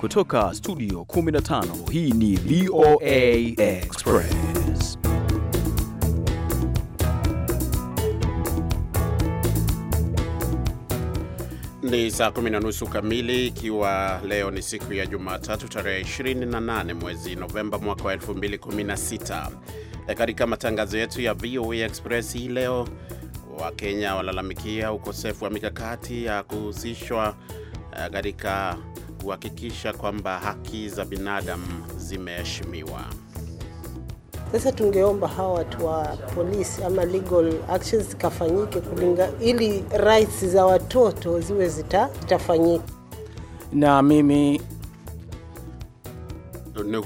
Kutoka studio 15 hii ni VOA Express. Ni saa kumi na nusu kamili, ikiwa leo ni siku ya Jumatatu tarehe 28 mwezi Novemba mwaka wa 2016. E, katika matangazo yetu ya VOA Express hii leo, Wakenya walalamikia ukosefu wa mikakati ya kuhusishwa e, katika kuhakikisha kwamba haki za binadamu zimeheshimiwa. Sasa tungeomba hawa watu wa polisi ama legal actions zikafanyike kulinga ili rights za watoto ziwe zitafanyika. Na mimi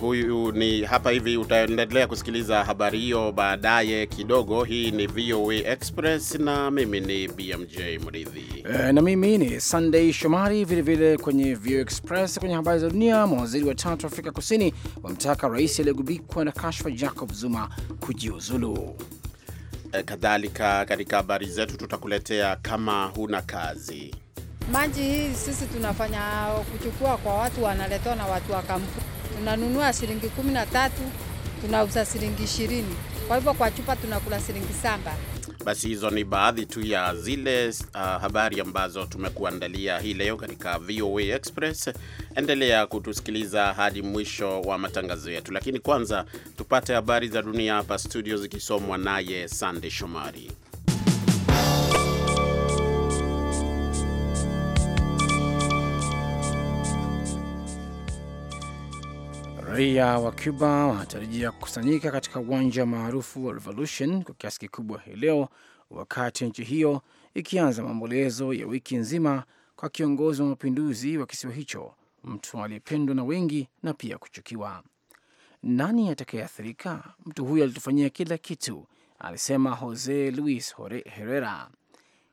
huyu ni hapa hivi. Utaendelea kusikiliza habari hiyo baadaye kidogo. Hii ni VOA Express na mimi ni BMJ Mridhi e, eh, na mimi ni Sunday Shomari. Vilevile kwenye VOA Express, kwenye habari za dunia, mawaziri watatu wa Afrika Kusini wamtaka rais aliyegubikwa na kashfa Jacob Zuma kujiuzulu. E, kadhalika katika habari zetu tutakuletea kama huna kazi maji hii sisi tunafanya kuchukua kwa watu wanaletwa na watu wa kampuni tunanunua shilingi kumi na tatu tunauza shilingi ishirini kwa hivyo kwa chupa tunakula shilingi saba. Basi hizo ni baadhi tu ya zile uh, habari ambazo tumekuandalia hii leo katika VOA Express. Endelea kutusikiliza hadi mwisho wa matangazo yetu, lakini kwanza tupate habari za dunia hapa studio zikisomwa naye Sande Shomari. Raia wa Cuba wanatarajia kukusanyika katika uwanja maarufu wa Revolution kwa kiasi kikubwa hii leo, wakati nchi hiyo ikianza maombolezo ya wiki nzima kwa kiongozi wa mapinduzi wa kisiwa hicho, mtu aliyependwa na wengi na pia kuchukiwa. Nani atakayeathirika? Mtu huyo alitufanyia kila kitu, alisema Jose Luis Herrera.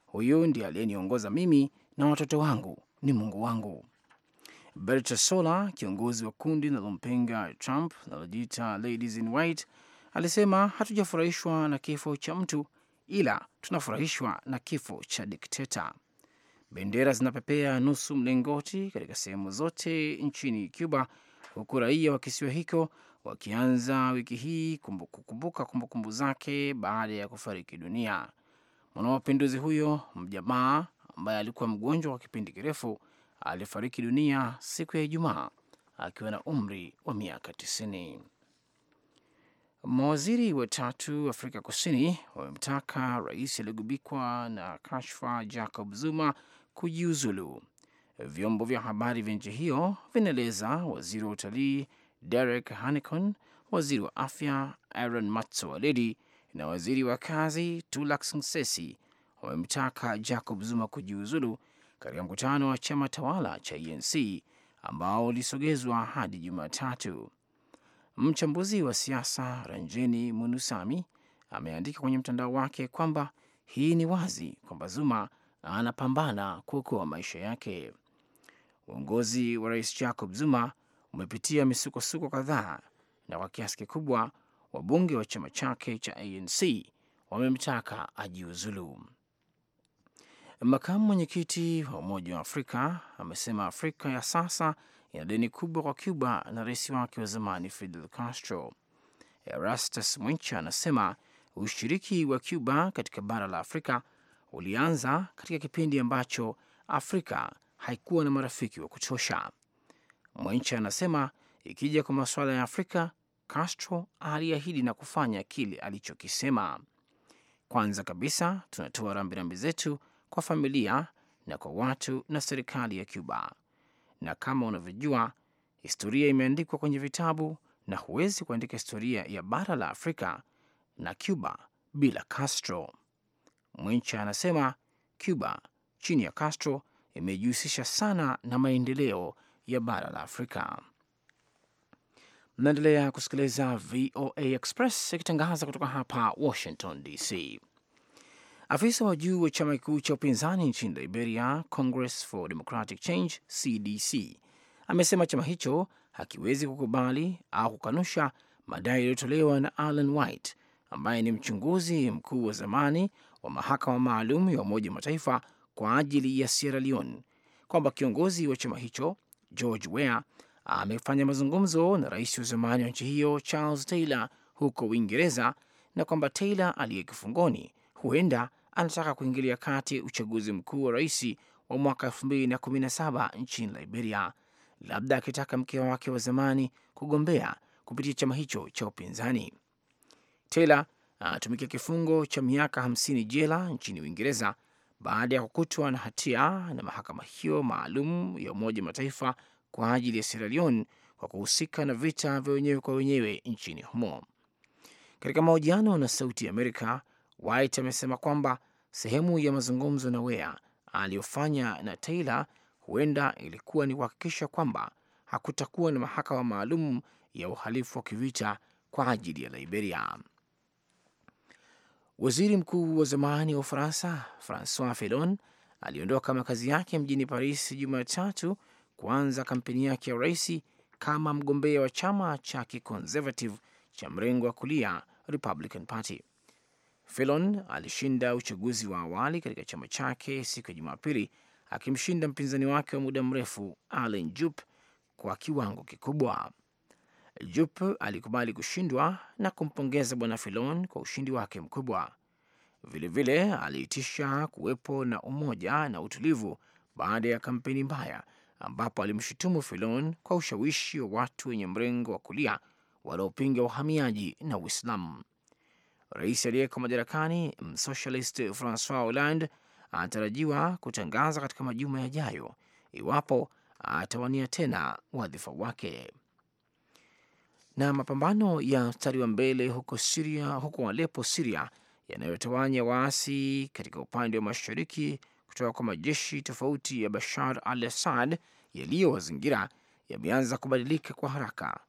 Huyu ndiye aliyeniongoza mimi na watoto wangu, ni Mungu wangu. Bertasola, kiongozi wa kundi linalompinga Trump linalojiita Ladies in White, alisema hatujafurahishwa na kifo cha mtu, ila tunafurahishwa na kifo cha dikteta. Bendera zinapepea nusu mlingoti katika sehemu zote nchini Cuba, huku raia wa kisiwa hicho wakianza wiki hii kukumbuka kumbukumbu zake baada ya kufariki dunia mwanamapinduzi huyo mjamaa ambaye alikuwa mgonjwa kwa kipindi kirefu alifariki dunia siku ya Ijumaa akiwa na umri wa miaka 90. Mawaziri watatu Afrika Kusini wamemtaka rais aliyegubikwa na kashfa Jacob Zuma kujiuzulu. Vyombo vya habari vya nchi hiyo vinaeleza waziri wa utalii Derek Hanekon, waziri wa afya Aaron Matsoaledi na waziri wa kazi Tulax wamemtaka Jacob Zuma kujiuzulu katika mkutano wa chama tawala cha ANC e ambao ulisogezwa hadi Jumatatu. Mchambuzi wa siasa Ranjeni Munusami ameandika kwenye mtandao wake kwamba hii ni wazi kwamba Zuma anapambana kuokoa maisha yake. Uongozi wa Rais Jacob Zuma umepitia misukosuko kadhaa, na kwa kiasi kikubwa wabunge wa chama chake cha ANC e wamemtaka ajiuzulu. Makamu mwenyekiti wa Umoja wa Afrika amesema Afrika ya sasa ina deni kubwa kwa Cuba na rais wake wa zamani Fidel Castro. Erastus Mwencha anasema ushiriki wa Cuba katika bara la Afrika ulianza katika kipindi ambacho Afrika haikuwa na marafiki wa kutosha. Mwencha anasema ikija kwa masuala ya Afrika, Castro aliahidi na kufanya kile alichokisema. Kwanza kabisa tunatoa rambirambi zetu kwa familia na kwa watu na serikali ya Cuba. Na kama unavyojua, historia imeandikwa kwenye vitabu na huwezi kuandika historia ya bara la Afrika na Cuba bila Castro. Mwincha anasema Cuba chini ya Castro imejihusisha sana na maendeleo ya bara la Afrika. Mnaendelea kusikiliza VOA Express ikitangaza kutoka hapa Washington DC. Afisa wa juu wa chama kikuu cha upinzani nchini Liberia, Congress for Democratic Change, CDC, amesema chama hicho hakiwezi kukubali au kukanusha madai yaliyotolewa na Alan White ambaye ni mchunguzi mkuu wa zamani wa mahakama maalum ya Umoja wa Mataifa kwa ajili ya Sierra Leone kwamba kiongozi wa chama hicho George Weah amefanya mazungumzo na rais wa zamani wa nchi hiyo Charles Taylor huko Uingereza na kwamba Taylor aliye kifungoni huenda anataka kuingilia kati uchaguzi mkuu wa rais wa mwaka 2017 nchini Liberia, labda akitaka mke wake wa zamani kugombea kupitia chama hicho cha upinzani. Taylor anatumikia kifungo cha miaka 50 jela nchini Uingereza baada ya kukutwa na hatia na mahakama hiyo maalum ya Umoja Mataifa kwa ajili ya Sierra Leone kwa kuhusika na vita vya wenyewe kwa wenyewe nchini humo. Katika mahojiano na Sauti ya Amerika, White amesema kwamba sehemu ya mazungumzo na wea aliyofanya na Taylor huenda ilikuwa ni kuhakikisha kwamba hakutakuwa na mahakama maalum ya uhalifu wa kivita kwa ajili ya Liberia. Waziri mkuu wa zamani wa Ufaransa Francois Fillon aliondoka makazi yake mjini Paris Jumatatu kuanza kampeni yake ya uraisi kama mgombea wa chama cha kiconservative cha mrengo wa kulia Republican Party. Filon alishinda uchaguzi wa awali katika chama chake siku ya Jumapili, akimshinda mpinzani wake wa muda mrefu Alen Jup kwa kiwango kikubwa. Jup alikubali kushindwa na kumpongeza bwana Filon kwa ushindi wake mkubwa. Vilevile aliitisha kuwepo na umoja na utulivu baada ya kampeni mbaya, ambapo alimshutumu Filon kwa ushawishi wa watu wenye mrengo wa kulia wanaopinga uhamiaji na Uislamu. Rais aliyeko madarakani msocialist Francois Hollande anatarajiwa kutangaza katika majuma yajayo iwapo atawania tena wadhifa wake. Na mapambano ya mstari wa mbele huko Siria, huko Alepo, Siria, yanayotawanya waasi katika upande wa mashariki kutoka kwa majeshi tofauti ya Bashar al Assad yaliyowazingira yameanza kubadilika kwa haraka.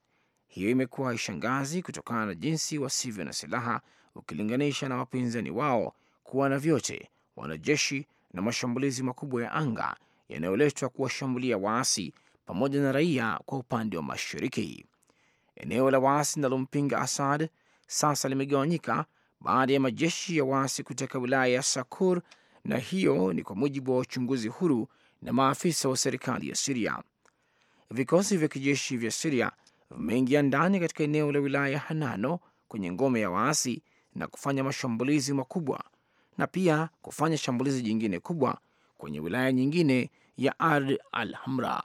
Hiyo imekuwa ishangazi kutokana na jinsi wasivyo na silaha ukilinganisha na wapinzani wao kuwa na vyote, wanajeshi na mashambulizi makubwa ya anga yanayoletwa kuwashambulia waasi pamoja na raia kwa upande wa mashariki. Eneo la waasi linalompinga Assad sasa limegawanyika baada ya majeshi ya waasi kuteka wilaya ya Sakur, na hiyo ni kwa mujibu wa wachunguzi huru na maafisa wa serikali ya Siria. Vikosi vya kijeshi vya Siria vimeingia ndani katika eneo la wilaya ya Hanano kwenye ngome ya waasi na kufanya mashambulizi makubwa na pia kufanya shambulizi jingine kubwa kwenye wilaya nyingine ya Ard al Hamra.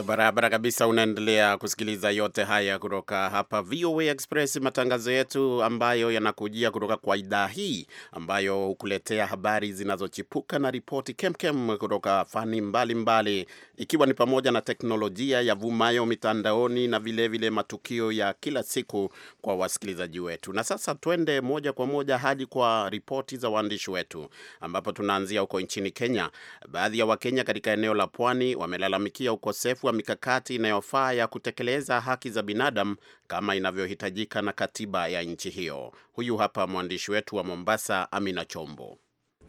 Eh, barabara kabisa. Unaendelea kusikiliza yote haya kutoka hapa VOA Express, matangazo yetu ambayo yanakujia kutoka kwa idhaa hii ambayo hukuletea habari zinazochipuka na ripoti kemkem kutoka fani mbalimbali, ikiwa ni pamoja na teknolojia ya vumayo mitandaoni na vilevile vile matukio ya kila siku kwa wasikilizaji wetu. Na sasa twende moja kwa moja hadi kwa ripoti za waandishi wetu, ambapo tunaanzia huko nchini Kenya. Baadhi ya Wakenya katika eneo la pwani wamelalamikia ukosefu kuchukua mikakati inayofaa ya kutekeleza haki za binadamu kama inavyohitajika na katiba ya nchi hiyo. Huyu hapa mwandishi wetu wa Mombasa, Amina Chombo.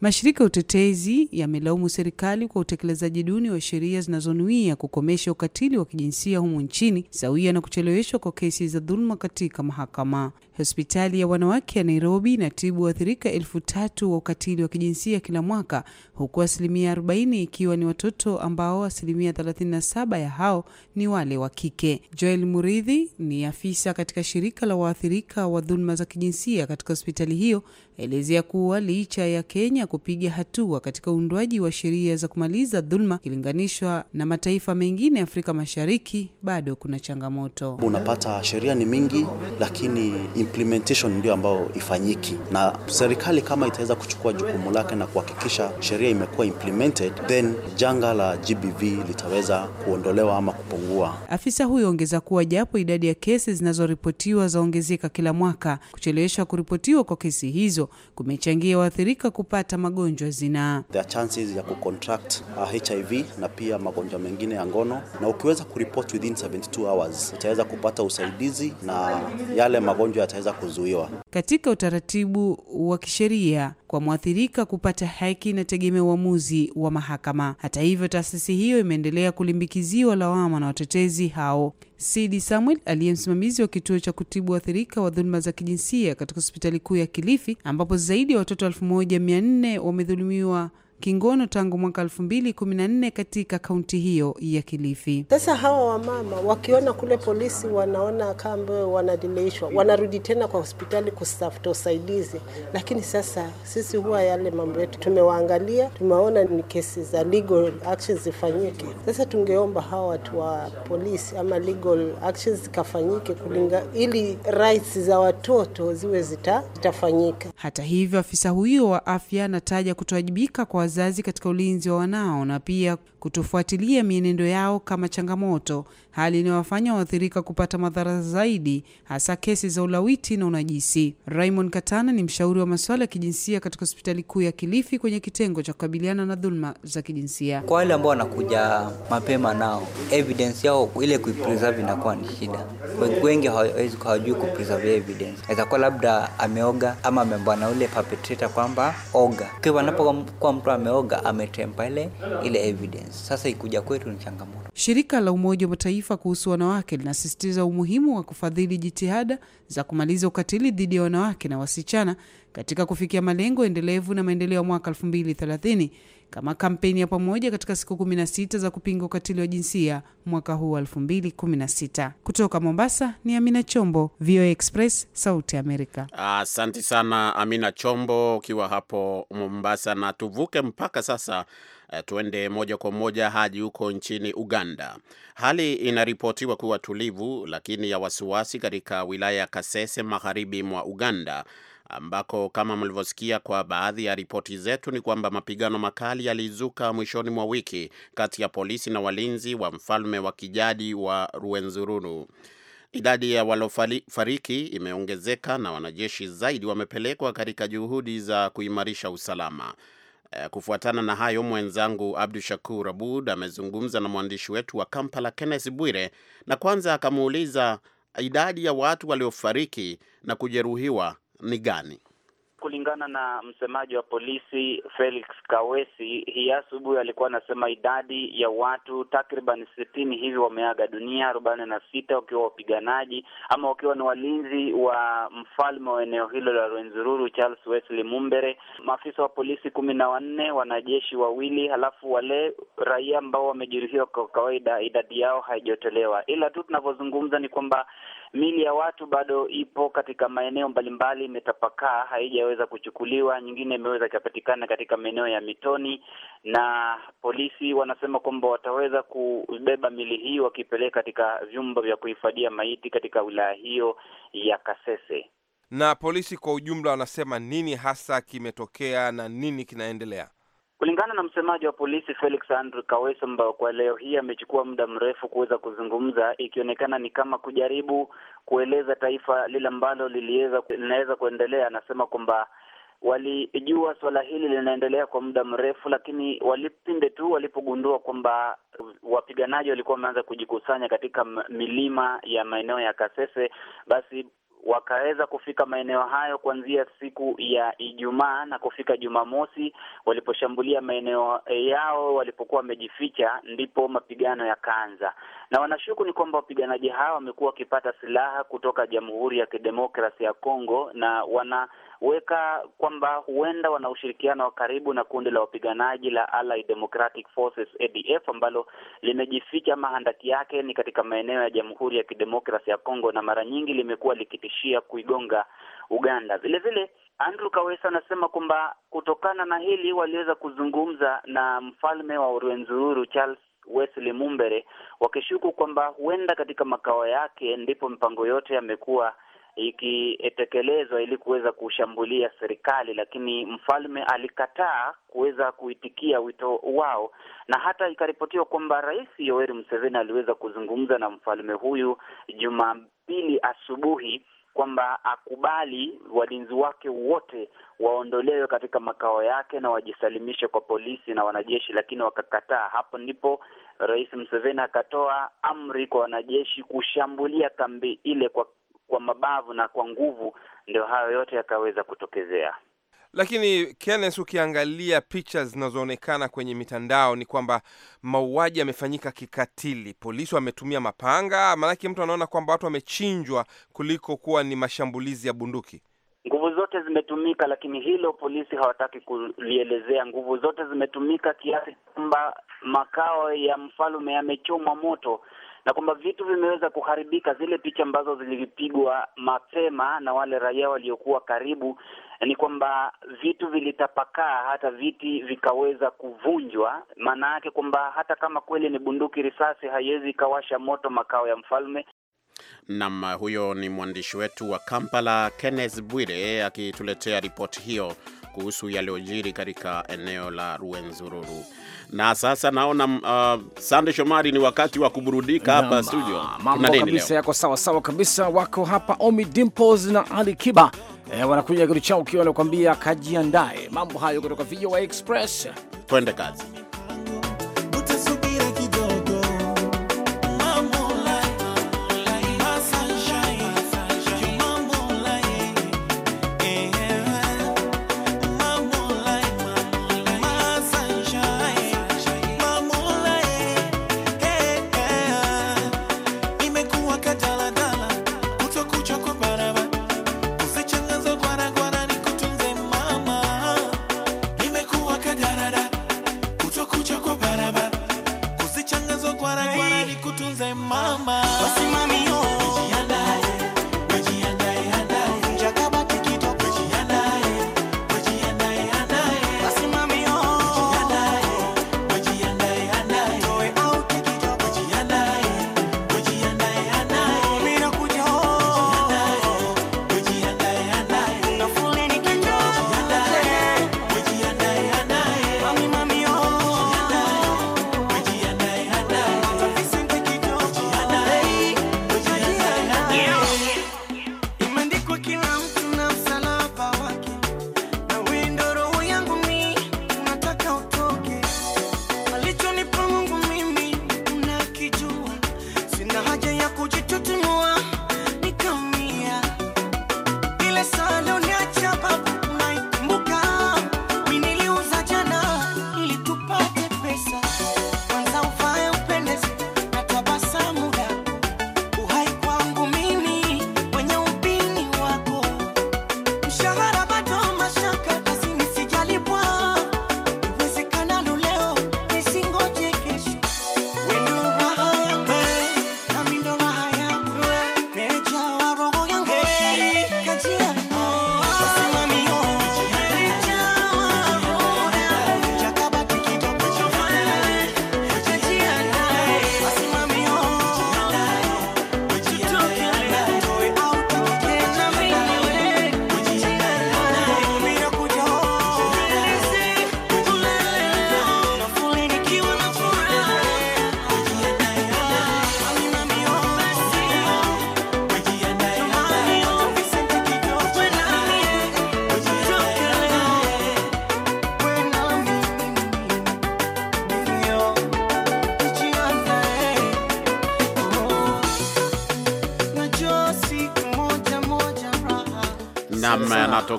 Mashirika ya utetezi yamelaumu serikali kwa utekelezaji duni wa sheria zinazonuia kukomesha ukatili wa kijinsia humu nchini, sawia na kucheleweshwa kwa kesi za dhuluma katika mahakama. Hospitali ya wanawake ya Nairobi inatibu waathirika elfu tatu wa ukatili wa kijinsia kila mwaka, huku asilimia 40 ikiwa ni watoto ambao asilimia 37 ya hao ni wale wa kike. Joel Muridhi ni afisa katika shirika la waathirika wa dhuluma za kijinsia katika hospitali hiyo aelezea kuwa licha ya Kenya kupiga hatua katika uundwaji wa sheria za kumaliza dhuluma ikilinganishwa na mataifa mengine Afrika Mashariki, bado kuna changamoto. Unapata sheria ni mingi, lakini implementation ndio ambayo ifanyiki, na serikali kama itaweza kuchukua jukumu lake na kuhakikisha sheria imekuwa implemented, then janga la GBV litaweza kuondolewa ama kupungua. Afisa huyo ongeza kuwa japo idadi ya kesi zinazoripotiwa zaongezeka kila mwaka, kucheleweshwa kuripotiwa kwa kesi hizo hizo kumechangia waathirika kupata magonjwa ya zinaa. There are chances ya kucontract HIV uh, na pia magonjwa mengine ya ngono, na ukiweza kuripoti within 72 hours utaweza kupata usaidizi na yale magonjwa yataweza kuzuiwa. Katika utaratibu wa kisheria kwa mwathirika kupata haki inategemea uamuzi wa mahakama. Hata hivyo, taasisi hiyo imeendelea kulimbikiziwa lawama na watetezi hao. Sidi Samuel aliye msimamizi wa kituo cha kutibu waathirika wa dhuluma za kijinsia katika hospitali kuu ya Kilifi ambapo zaidi ya watoto 1400 wamedhulumiwa kingono tangu mwaka 2014 katika kaunti hiyo ya Kilifi. Sasa hawa wamama wakiona kule polisi wanaona kama wanadileishwa wanarudi tena kwa hospitali kusafuta usaidizi. Lakini sasa sisi huwa yale mambo yetu tumewaangalia, tumeona ni kesi za legal actions zifanyike. Sasa tungeomba hawa watu wa polisi ama legal actions zikafanyike kulinga, ili rights za watoto ziwe zita, zitafanyika. Hata hivyo afisa huyo wa afya anataja kutowajibika kwa wazazi katika ulinzi wa wanao na pia kutofuatilia mienendo yao kama changamoto, hali inayowafanya waathirika kupata madhara zaidi, hasa kesi za ulawiti na unajisi. Raymond Katana ni mshauri wa masuala ya kijinsia katika hospitali kuu ya Kilifi kwenye kitengo cha kukabiliana na dhuluma za kijinsia. Kwa wale ambao wanakuja mapema, nao evidence yao ile kuipreserve inakuwa ni shida. Wengi hawawezi hawajui kupreserve evidence, aweza kuwa labda ameoga ama amebwa na ule perpetrator kwamba oga, kwa anapokuwa mtu ameoga ametempa ile ile evidence sasa ikuja kwetu ni changamoto. Shirika la Umoja wa Mataifa kuhusu wanawake linasisitiza umuhimu wa kufadhili jitihada za kumaliza ukatili dhidi ya wanawake na wasichana katika kufikia malengo endelevu na maendeleo ya mwaka 2030 kama kampeni ya pamoja katika siku 16 za kupinga ukatili wa jinsia mwaka huu wa 2016. Kutoka Mombasa ni Amina Chombo, VOA Express, Sauti Amerika. Asante sana Amina Chombo ukiwa hapo Mombasa, na tuvuke mpaka sasa Eh, Tuende moja kwa moja hadi huko nchini Uganda. Hali inaripotiwa kuwa tulivu, lakini ya wasiwasi katika wilaya ya Kasese, magharibi mwa Uganda, ambako kama mlivyosikia kwa baadhi ya ripoti zetu ni kwamba mapigano makali yalizuka mwishoni mwa wiki kati ya polisi na walinzi wa mfalme wa kijadi wa ruenzururu Idadi ya walofariki imeongezeka na wanajeshi zaidi wamepelekwa katika juhudi za kuimarisha usalama. Eh, kufuatana na hayo, mwenzangu Abdu Shakur Abud amezungumza na mwandishi wetu wa Kampala, Kenneth Bwire, na kwanza akamuuliza idadi ya watu waliofariki na kujeruhiwa ni gani kulingana na msemaji wa polisi Felix Kawesi, hii asubuhi alikuwa anasema idadi ya watu takriban sitini hivi wameaga dunia, arobaini na sita wakiwa wapiganaji ama wakiwa ni walinzi wa mfalme wa eneo hilo la Rwenzururu Charles Wesley Mumbere, maafisa wa polisi kumi na wanne, wanajeshi wawili, halafu wale raia ambao wamejeruhiwa, kwa kawaida idadi yao haijotolewa ila tu tunavyozungumza ni kwamba Mili ya watu bado ipo katika maeneo mbalimbali, imetapakaa, haijaweza kuchukuliwa. Nyingine imeweza ikapatikana katika maeneo ya mitoni, na polisi wanasema kwamba wataweza kubeba mili hii wakipeleka katika vyumba vya kuhifadhia maiti katika wilaya hiyo ya Kasese. Na polisi kwa ujumla wanasema nini hasa kimetokea na nini kinaendelea? Kulingana na msemaji wa polisi Felix Andrew Kaweso, ambayo kwa leo hii amechukua muda mrefu kuweza kuzungumza, ikionekana ni kama kujaribu kueleza taifa lile ambalo linaweza kuendelea, anasema kwamba walijua suala hili linaendelea kwa muda mrefu, lakini walipinde tu walipogundua kwamba wapiganaji walikuwa wameanza kujikusanya katika milima ya maeneo ya Kasese, basi wakaweza kufika maeneo hayo kuanzia siku ya Ijumaa na kufika Jumamosi, waliposhambulia maeneo yao walipokuwa wamejificha, ndipo mapigano yakaanza, na wanashuku ni kwamba wapiganaji hawa wamekuwa wakipata silaha kutoka Jamhuri ya Kidemokrasia ya Kongo na wana weka kwamba huenda wana ushirikiano wa karibu na kundi la wapiganaji la Allied Democratic Forces ADF ambalo limejificha mahandaki yake ni katika maeneo ya Jamhuri ya Kidemokrasia ya Kongo na mara nyingi limekuwa likitishia kuigonga Uganda. Vile vile Andrew Kawesa anasema kwamba kutokana na hili waliweza kuzungumza na mfalme wa Rwenzururu Charles Wesley Mumbere wakishuku kwamba huenda katika makao yake ndipo mpango yote yamekuwa ikitekelezwa ili kuweza kushambulia serikali, lakini mfalme alikataa kuweza kuitikia wito wao, na hata ikaripotiwa kwamba Rais Yoweri Museveni aliweza kuzungumza na mfalme huyu Jumapili asubuhi kwamba akubali walinzi wake wote waondolewe katika makao yake na wajisalimishe kwa polisi na wanajeshi, lakini wakakataa. Hapo ndipo Rais Museveni akatoa amri kwa wanajeshi kushambulia kambi ile kwa kwa mabavu na kwa nguvu, ndio hayo yote yakaweza kutokezea. Lakini Kenneth, ukiangalia picha zinazoonekana kwenye mitandao ni kwamba mauaji yamefanyika kikatili, polisi wametumia mapanga, maanake mtu anaona kwamba watu wamechinjwa kuliko kuwa ni mashambulizi ya bunduki. Nguvu zote zimetumika, lakini hilo polisi hawataki kulielezea. Nguvu zote zimetumika kiasi kwamba makao ya mfalme yamechomwa moto na kwamba vitu vimeweza kuharibika. Zile picha ambazo zilipigwa mapema na wale raia waliokuwa karibu ni kwamba vitu vilitapakaa, hata viti vikaweza kuvunjwa. Maana yake kwamba hata kama kweli ni bunduki, risasi haiwezi ikawasha moto makao ya mfalme. Nam, huyo ni mwandishi wetu wa Kampala, Kenneth Bwire, akituletea ripoti hiyo kuhusu yaliyojiri katika eneo la Ruenzururu. Na sasa naona uh, Sande Shomari, ni wakati wa kuburudika hapa studio. Mambo kabisa yako sawa sawa kabisa, wako hapa Omi Dimples na Ali Kiba e, wanakuja kitu chao ukiwa wanakuambia kajiandae. Mambo hayo kutoka VOA Express, twende kazi.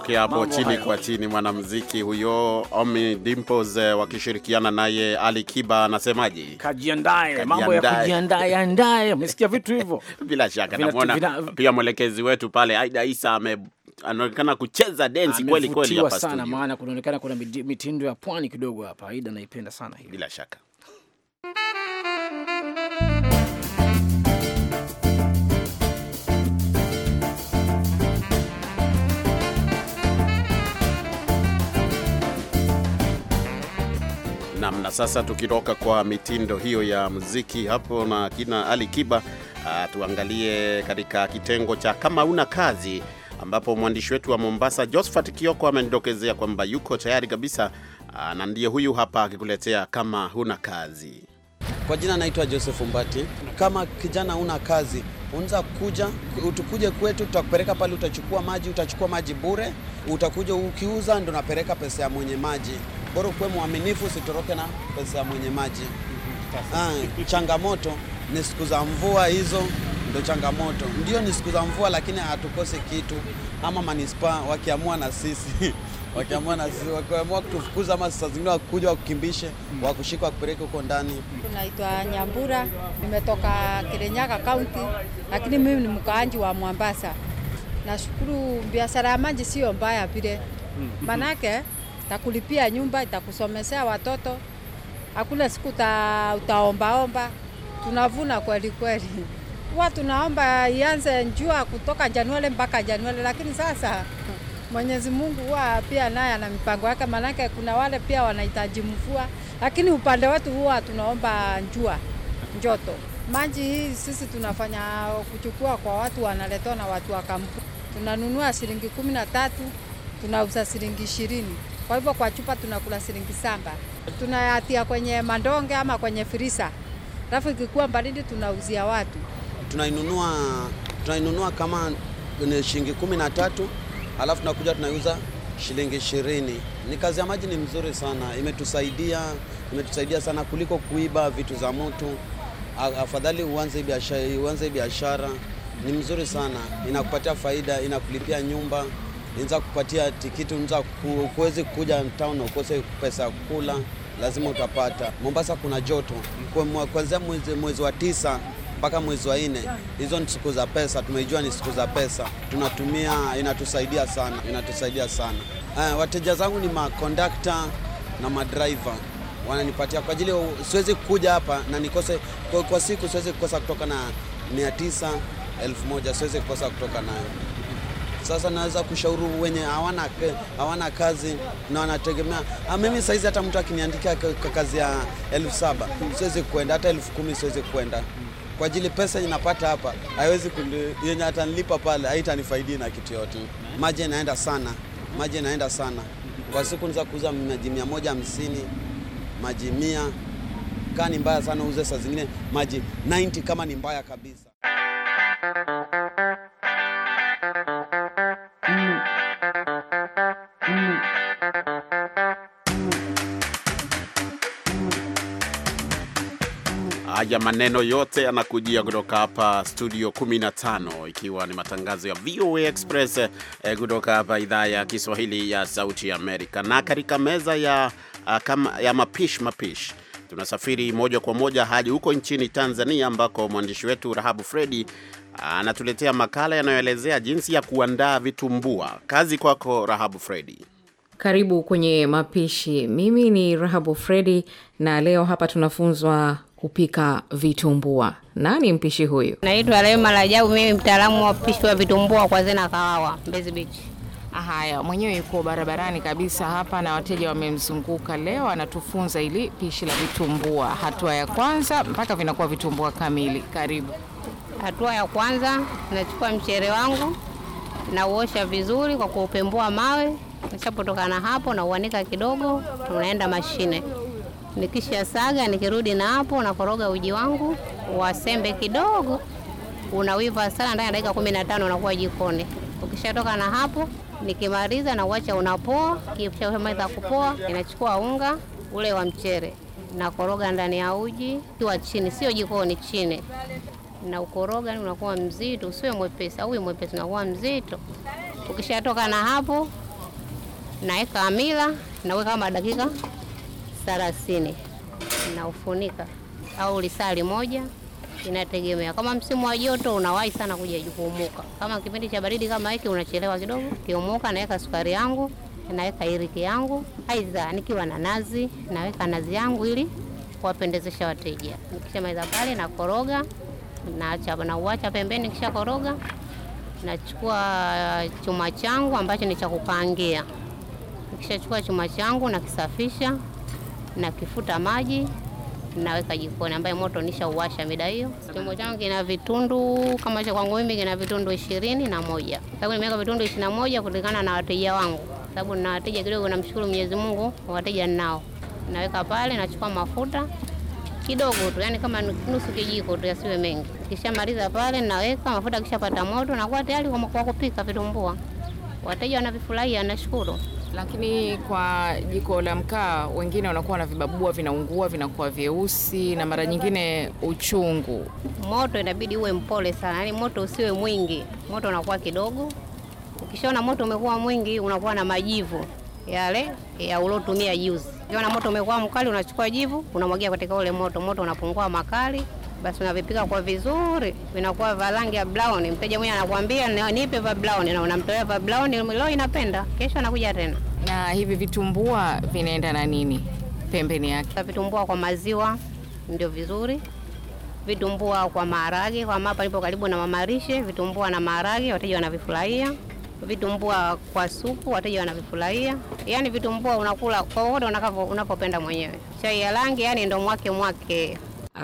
Mambo hapo chini kwa chini. Mwanamuziki huyo Omi Dimples eh, wakishirikiana naye Ali Kiba anasemaje? Kajiandae, mambo ya kujiandae andae. Umesikia vitu hivyo? Bila shaka Namwona pia mwelekezi wetu pale Aida Isa ame anaonekana kucheza densi kweli kweli hapa sana, maana kunaonekana kuna mitindo ya pwani kidogo hapa. Aida anaipenda sana hiyo, bila shaka Nam. Na sasa tukitoka kwa mitindo hiyo ya muziki hapo na kina Ali Kiba, uh, tuangalie katika kitengo cha kama una kazi, ambapo mwandishi wetu wa Mombasa Josephat Kioko amenidokezea kwamba yuko tayari kabisa, uh, na ndiye huyu hapa akikuletea kama huna kazi. Kwa jina naitwa Joseph Mbati. Kama kijana una kazi unza kuja utukuje kwetu, tutakupeleka pale, utachukua maji, utachukua maji bure, utakuja ukiuza, ndo napeleka pesa ya mwenye maji. Bora kuwe mwaminifu, usitoroke na pesa ya mwenye maji. Ah, changamoto ni siku za mvua hizo ndo changamoto. Ndio ni siku za mvua, lakini hatukose kitu ama manispaa wakiamua na sisi wakiamua kutufukuza ama saa zingine wakuja wakukimbishe, mm. wakushika wakupeleke huko ndani. Naitwa Nyambura, nimetoka Kirinyaga kaunti, lakini mimi ni mkaanji wa mwambasa Nashukuru biashara ya maji sio mbaya vile, mm. manake takulipia nyumba, itakusomesea watoto, hakuna siku utaombaomba. Tunavuna kweli kweli huwa tunaomba ianze njua kutoka Januari mpaka Januari, lakini sasa Mwenyezi Mungu huwa pia naye ana mipango yake, maanake kuna wale pia wanahitaji mvua, lakini upande wetu huwa tunaomba njua njoto. Maji hii sisi tunafanya kuchukua kwa watu, wanaletwa na watu wa kampuni, tunanunua shilingi kumi na tatu tunauza shilingi ishirini. Kwa hivyo kwa chupa tunakula shilingi saba, tunayatia kwenye mandonge ama kwenye firisa, alafu ikikuwa baridi tunauzia watu. Tunainunua tunainunua kama ni shilingi kumi na tatu alafu tunakuja tunaiuza shilingi ishirini. Ni kazi ya maji, ni mzuri sana, imetusaidia imetusaidia sana kuliko kuiba vitu za mtu. Afadhali uanze biashara, uanze biashara ni mzuri sana, inakupatia faida, inakulipia nyumba, inaweza kupatia tikiti, unaweza kuwezi kuja town ukose pesa ya kula, lazima utapata. Mombasa kuna joto kuanzia mwezi, mwezi wa tisa mpaka mwezi wa nne. Hizo ni siku za pesa, tumejua ni siku za pesa, tunatumia inatusaidia sana, inatusaidia sana. Uh, wateja zangu ni makondakta na madriva wananipatia kwa ajili, siwezi kuja hapa na nikose kwa, kwa siku siwezi kukosa kutoka na mia tisa elfu moja siwezi kukosa kutoka nayo. Sasa naweza kushauri wenye hawana hawana kazi na wanategemea ah, mimi. Saizi hata mtu akiniandikia kazi ya elfu saba siwezi kuenda, hata elfu kumi siwezi kuenda kwa ajili pesa inapata hapa haiwezi yenye atanilipa pale haitanifaidia na kitu yote. Maji inaenda sana, maji inaenda sana kwa siku niza kuuza maji mia moja hamsini maji mia kaa ni mbaya sana, uze saa zingine maji 90 kama ni mbaya kabisa. Haya maneno yote yanakujia kutoka hapa studio 15 ikiwa ni matangazo ya VOA Express eh, kutoka hapa idhaa ya Kiswahili ya Sauti ya Amerika. Na katika meza ya, ah, kama, ya mapish mapish tunasafiri moja kwa moja hadi huko nchini Tanzania ambako mwandishi wetu Rahabu Fredi ah, anatuletea makala yanayoelezea jinsi ya kuandaa vitumbua. Kazi kwako Rahabu Fredi. Karibu kwenye mapishi. Mimi ni Rahabu Fredi na leo hapa tunafunzwa kupika vitumbua. Nani mpishi huyu? Naitwa Rehema Rajabu, mimi mtaalamu wa upishi wa vitumbua kwa Zena Kawawa, Mbezi Beach. Haya, mwenyewe yuko barabarani kabisa hapa na wateja wamemzunguka. Leo anatufunza ili pishi la vitumbua, hatua ya kwanza mpaka vinakuwa vitumbua kamili. Karibu. Hatua ya kwanza, nachukua mchere wangu nauosha vizuri kwa kuupembua mawe, nishapotokana hapo nauanika kidogo, tunaenda mashine Nikisha saga nikirudi na hapo nakoroga uji wangu wa sembe kidogo, unawiva sana, ndani ya dakika kumi na tano unakuwa jikoni. Ukishatoka na hapo, nikimaliza na uacha unapoa. Kishamaliza kupoa, inachukua unga ule wa mchere nakoroga ndani ya uji kiwa chini, sio jikoni, chini na ukoroga ni yaani unakuwa mzito, usiwe mwepesi au mwepesi, unakuwa mzito. Ukishatoka na hapo, naweka amila, naweka kama dakika thelathini naufunika au lisali moja, inategemea. Kama msimu wa joto unawahi sana kuja kuumuka, kama kipindi cha baridi kama hiki unachelewa kidogo. Kiumuka naweka sukari yangu, naweka iriki yangu, aidha nikiwa na nazi naweka nazi yangu ili kuwapendezesha wateja. Nikishamaliza pale nakoroga, naacha na uacha pembeni. koroga nachukua chuma changu ambacho ni cha kukaangia. Nikishachukua chuma changu nakisafisha nakifuta maji naweka jikoni ambaye moto nishauwasha mida hiyo. Chombo changu kina vitundu kama cha kwangu mimi kina vitundu ishirini na moja sababu nimeweka vitundu ishirini na moja kulingana na wateja wangu, sababu na wateja kidogo, namshukuru Mwenyezi Mungu, wateja ninao. Naweka pale, nachukua mafuta kidogo tu, yani kama nusu kijiko tu, yasiwe mengi. Kishamaliza pale, naweka mafuta, kishapata moto, nakuwa tayari kwa kupika vitumbua. Wateja wanavifurahia, nashukuru. Lakini kwa jiko la mkaa wengine wanakuwa na vibabua vinaungua, vinakuwa vyeusi na mara nyingine uchungu. Moto inabidi uwe mpole sana, yaani moto usiwe mwingi, moto unakuwa kidogo. Ukishaona moto umekuwa mwingi, unakuwa na majivu yale ya uliotumia juzi. Ukiona moto umekuwa mkali, unachukua jivu unamwagia katika ule moto, moto unapungua makali basi unavipika kwa vizuri, vinakuwa vya rangi ya brown. Mteja mwenyewe anakuambia nipe vya brown, na unamtolea vya brown. Leo inapenda, kesho anakuja tena. Na hivi vitumbua vinaenda na nini pembeni yake? Vitumbua kwa maziwa ndio vizuri, vitumbua kwa maharage, kwa hapa nipo karibu na mamarishe. Vitumbua na maharage wateja wanavifurahia vitumbua kwa supu wateja wanavifurahia. Yaani vitumbua unakula kwa wote unakavyo unapopenda mwenyewe. Chai ya rangi, yani ndo mwake mwake.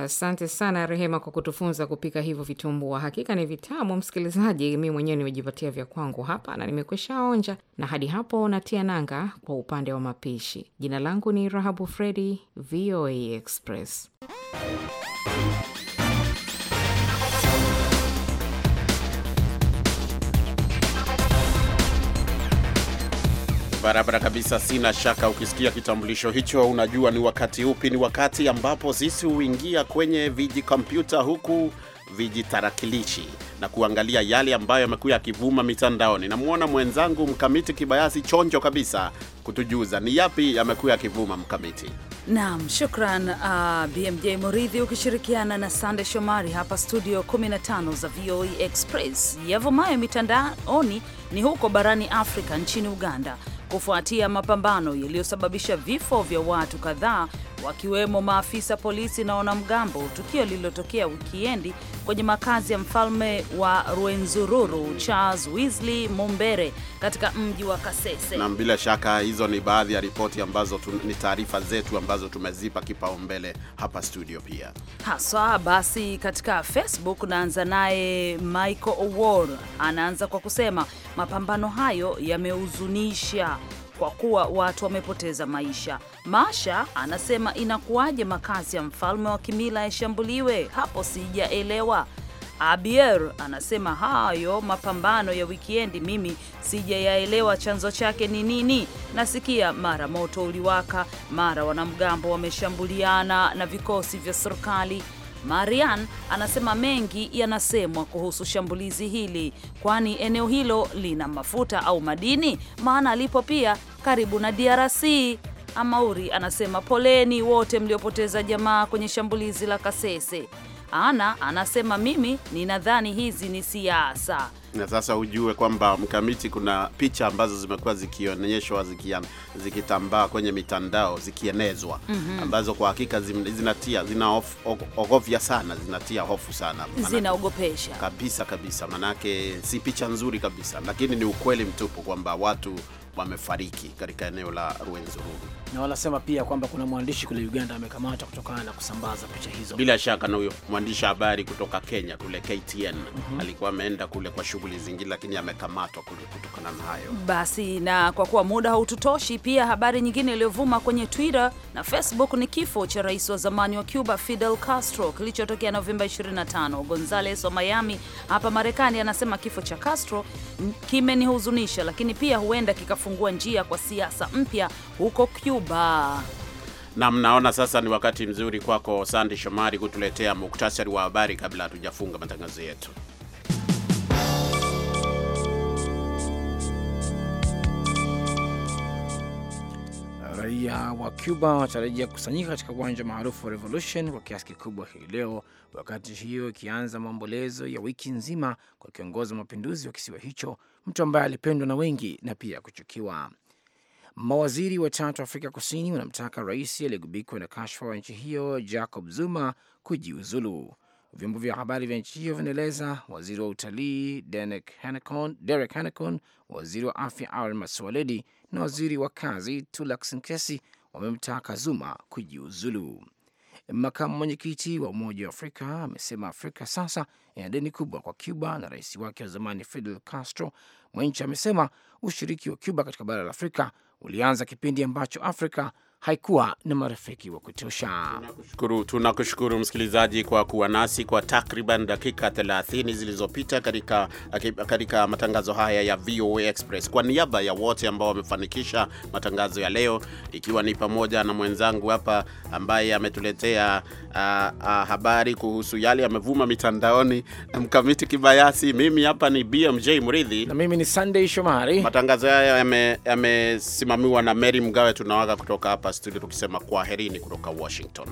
Asante sana Rehema kwa kutufunza kupika hivyo vitumbua, hakika ni vitamu. Msikilizaji, mi mwenyewe nimejipatia vya kwangu hapa na nimekwisha onja, na hadi hapo natia nanga kwa upande wa mapishi. Jina langu ni Rahabu Fredi, VOA Express. Barabara kabisa, sina shaka. Ukisikia kitambulisho hicho, unajua ni wakati upi. Ni wakati ambapo sisi huingia kwenye viji kompyuta huku viji tarakilishi na kuangalia yale ambayo yamekuwa yakivuma mitandaoni. Namwona mwenzangu Mkamiti Kibayasi chonjo kabisa kutujuza ni yapi yamekuwa yakivuma. Mkamiti. nam shukran uh, BMJ Muridhi ukishirikiana na Sande Shomari hapa studio 15 za VOA e Express. Yavumayo mitandaoni ni huko barani Afrika, nchini Uganda kufuatia mapambano yaliyosababisha vifo vya watu kadhaa wakiwemo maafisa polisi na wanamgambo, tukio lililotokea wikiendi kwenye makazi ya mfalme wa Rwenzururu Charles Weasley Mumbere katika mji wa Kasese. Na bila shaka hizo ni baadhi ya ripoti ambazo ni taarifa zetu ambazo tumezipa kipaumbele hapa studio pia haswa. Basi katika Facebook naanza naye Michael Owor, anaanza kwa kusema mapambano hayo yamehuzunisha kwa kuwa watu wamepoteza maisha. Masha anasema inakuwaje makazi ya mfalme wa kimila yashambuliwe? Hapo sijaelewa. Abier anasema hayo mapambano ya wikiendi mimi sijayaelewa chanzo chake ni nini. Nasikia mara moto uliwaka, mara wanamgambo wameshambuliana na vikosi vya serikali. Marian anasema mengi yanasemwa kuhusu shambulizi hili, kwani eneo hilo lina mafuta au madini, maana alipo pia karibu na DRC. Amauri anasema poleni wote mliopoteza jamaa kwenye shambulizi la Kasese. Ana anasema mimi ninadhani hizi ni siasa. Na sasa ujue kwamba mkamiti, kuna picha ambazo zimekuwa zikionyeshwa zikitambaa kwenye mitandao zikienezwa, mm -hmm. ambazo kwa hakika zinatia zinaogofya sana, zinatia hofu sana, zinaogopesha kabisa kabisa, manake si picha nzuri kabisa, lakini ni ukweli mtupu kwamba watu wamefariki katika eneo la Rwenzururu, na wanasema pia kwamba kuna mwandishi kule Uganda amekamata kutokana na kusambaza picha hizo. Bila shaka na huyo mwandishi habari kutoka Kenya kule KTN mm -hmm. alikuwa ameenda kule kwa shughuli zingine, lakini amekamatwa kule kutokana na hayo. Basi, na kwa kuwa muda haututoshi, pia habari nyingine iliyovuma kwenye Twitter na Facebook ni kifo cha rais wa zamani wa Cuba Fidel Castro kilichotokea Novemba 25. Gonzales wa Miami hapa Marekani anasema kifo cha Castro kimenihuzunisha, lakini pia huenda kikafu kufungua njia kwa siasa mpya huko Cuba. Na mnaona sasa ni wakati mzuri kwako Sandi Shomari kutuletea muktasari wa habari kabla hatujafunga matangazo yetu. Raia wa Cuba watarajia kukusanyika katika uwanja maarufu wa Revolution kwa kiasi kikubwa hii leo, wakati hiyo ikianza maombolezo ya wiki nzima kwa kiongozi wa mapinduzi wa kisiwa hicho mtu ambaye alipendwa na wengi na pia kuchukiwa. Mawaziri watatu wa Afrika Kusini wanamtaka rais aliyegubikwa na kashfa wa nchi hiyo Jacob Zuma kujiuzulu. Vyombo vya habari vya nchi hiyo vinaeleza waziri wa utalii Derek Hanecon, waziri wa afya Aaron Masualedi na waziri wa kazi Tulax wamemtaka Zuma kujiuzulu. Makamu mwenyekiti wa Umoja wa Afrika amesema Afrika sasa ina deni kubwa kwa Cuba na rais wake wa zamani Fidel Castro. Mwenchi amesema ushiriki wa Cuba katika bara la Afrika ulianza kipindi ambacho Afrika haikuwa na marafiki wa kutosha. Tunakushukuru tuna msikilizaji kwa kuwa nasi kwa takriban dakika 30 zilizopita katika, katika matangazo haya ya VOA Express. Kwa niaba ya wote ambao wamefanikisha matangazo ya leo, ikiwa ni pamoja na mwenzangu hapa ambaye ametuletea uh, uh, habari kuhusu yale yamevuma mitandaoni, Mkamiti Kibayasi, mimi hapa ni BMJ Mridhi na mimi ni Sunday Shomari. Matangazo haya yamesimamiwa na Mary Mgawe. Tunawaga kutoka hapa hapa studio tukisema kwaherini kutoka Washington.